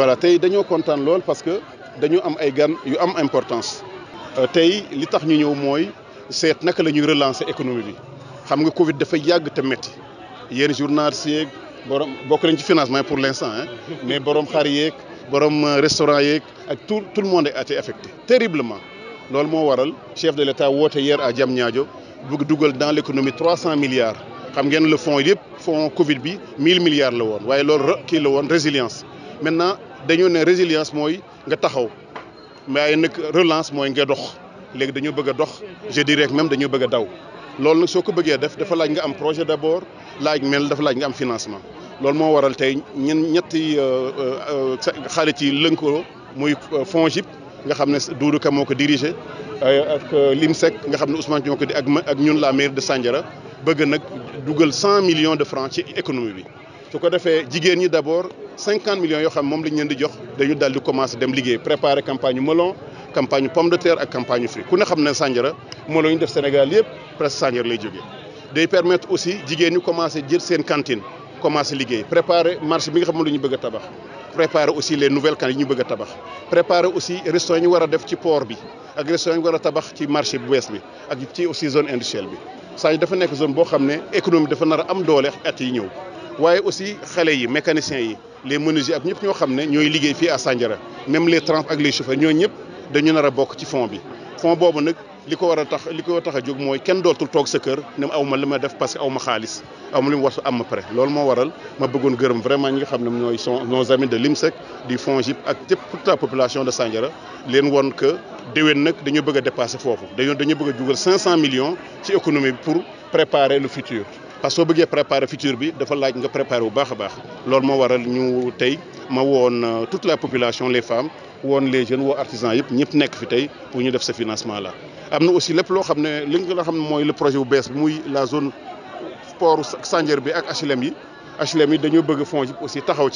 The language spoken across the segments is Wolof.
voilà tey dañu contane lool parce que dañu am ay gan yu am importance euh, tey li tax ñu ñew moy seet naka lañu relancer économie bi xam nga Covid dafa yàgg te metti. yéen journalistes yeeg borom bokk nañ ci financement pour l'instant hein mais borom xar yeeg borom euh, restaurant yeeg ak tout tout le monde a été affecté terriblement l'ol mo waral chef de l'État wote hier à Diamniadio bëgg duggal dans l'économie 300 milliards xam ngeen le fonds yépp fonds Covid bi 1000 milliards la woon waaye loolu kii la woon résilience maintenant dañu ne résilience mooy nga taxaw mais ay nag relance mooy nga dox léegi dañu bëgg a dox je dirais même dañu bëgg a daw loolu nag soo ko bëggee def dafa laaj nga am projet d'abord laaj mel dafa laaj nga am financement loolu moo waral tey ñen ñetti euh, euh, xaalis yi lënkaloo muy euh, FONGIP nga xam ne Doudou Ka moo ko dirigé ak l'IMSEC nga xam ne Ousmane ñoo ko di ak ak ñun la maire de Sandiara bëgg nag dugal 100 millions de francs ci économie bi su ko defee jigéen ñi d'abord 50 millions yoo xam moom lañ leen di jox dañu daal di commencé dem liggéey préparer campagne melon campagne pomme de terre ak campagne fruit ku ne xam ne sànjara melon ñu def Sénégal yëpp presque sànjara lay jógee. day permettre aussi jigéen ñu commencé jël seen cantine commencé liggéey préparer marché bi nga xam ne lu ñu bëgg a tabax préparer aussi les nouvelles cantines yi ñu bëgg a tabax préparer aussi restaurant yi ñu war a def ci port bi ak restaurant yi ñu war a tabax ci marché bu bi ak ci aussi zone industrielle bi Sànjara dafa nekk zone boo xam ne économie dafa nar a am doole at yi ñëw waaye aussi xale yi mécaniciens yi les menuisiers ak ñëpp ñoo xam ñoy liggéey fi à Sandiara même les trams ak les chauffeurs ñoo ñep dañu nar a bokk ci fond bi fond bobu nak liko wara tax liko ko tax moy jóg kenn dootul tok sa kër ne ma aw def parce que aw ma xaalis aw ma am ma pare loolu moo waral ma bëggoon gërëm vraiment ñi nga xam ñoy nos amis de l'IMSEC du FONGIP ak yëpp toute la population de Sandiara leen won que déwén nak dañu bëgg dépasser fofu dañu dañu bëgg a jugal 500 millions ci économie bi pour préparer le futur parce que soo bëggee préparer futur bi dafa laaj nga préparer bu baax a baax loolu moo waral ñu tey ma woon euh, toute la population les femmes woon les jeunes les artisans yëpp ñëpp nekk fi tey pour nous def ce financement là. y a aussi lépp ce xam ne li nga le projet OBS, la zone sport Sandiara bi ak HLM yi HLM yi dañoo bëgg fonds aussi taxaw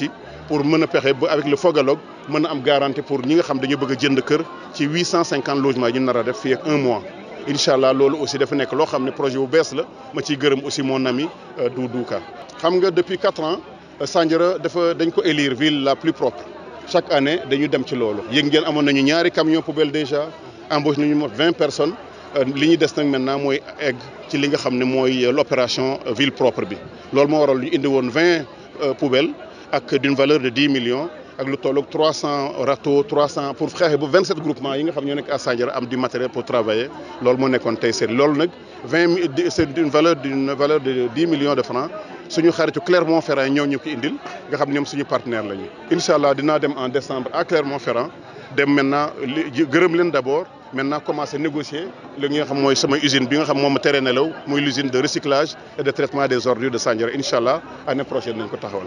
pour mën avec le Fogalog nous avons am garantie pour nous, nous xam dañoo bëgg a de kër ci 850 logements nous ñu nar un mois inshallah lolu aussi dafa nek lo xamné projet bu bess la ma ci gëreum aussi mon ami euh, Doudouka. xam nga depuis 4 ans euh, Sandiara dafa dañ ko élire ville la plus propre chaque année dañu dem ci lolu yëg ngeen amon nañu ñaari camion poubelle déjà embauché nañu mot 20 personnes euh, li ñu des maintenant moy egg ci li nga xamné moy l'opération ville propre bi lolu mo waral ñu indi won 20 poubelles ak d'une valeur de 10 millions ak lu 300 râteaux 300 pour frères 27 groupements yi nga xam ñoo nekk à Sandiara am du matériel pour travailler loolu moo nekkoon c'est seet loolu 20 c'est une valeur d'une valeur de 10 millions de francs suñu xaritu Clermont-Ferrand ñoo ñu ko indil nga xam ñoom suñu partenaire lañu. incha allah dem en décembre à Clermont-Ferrand dem maintenant gërëm leen d'abord maintenant commencer négocier li nga xam mooy sama usine bi nga xam moom ma tere nelaw l'usine de recyclage et de traitement des ordures de Sanger Inshallah année prochaine nous ko taxawal.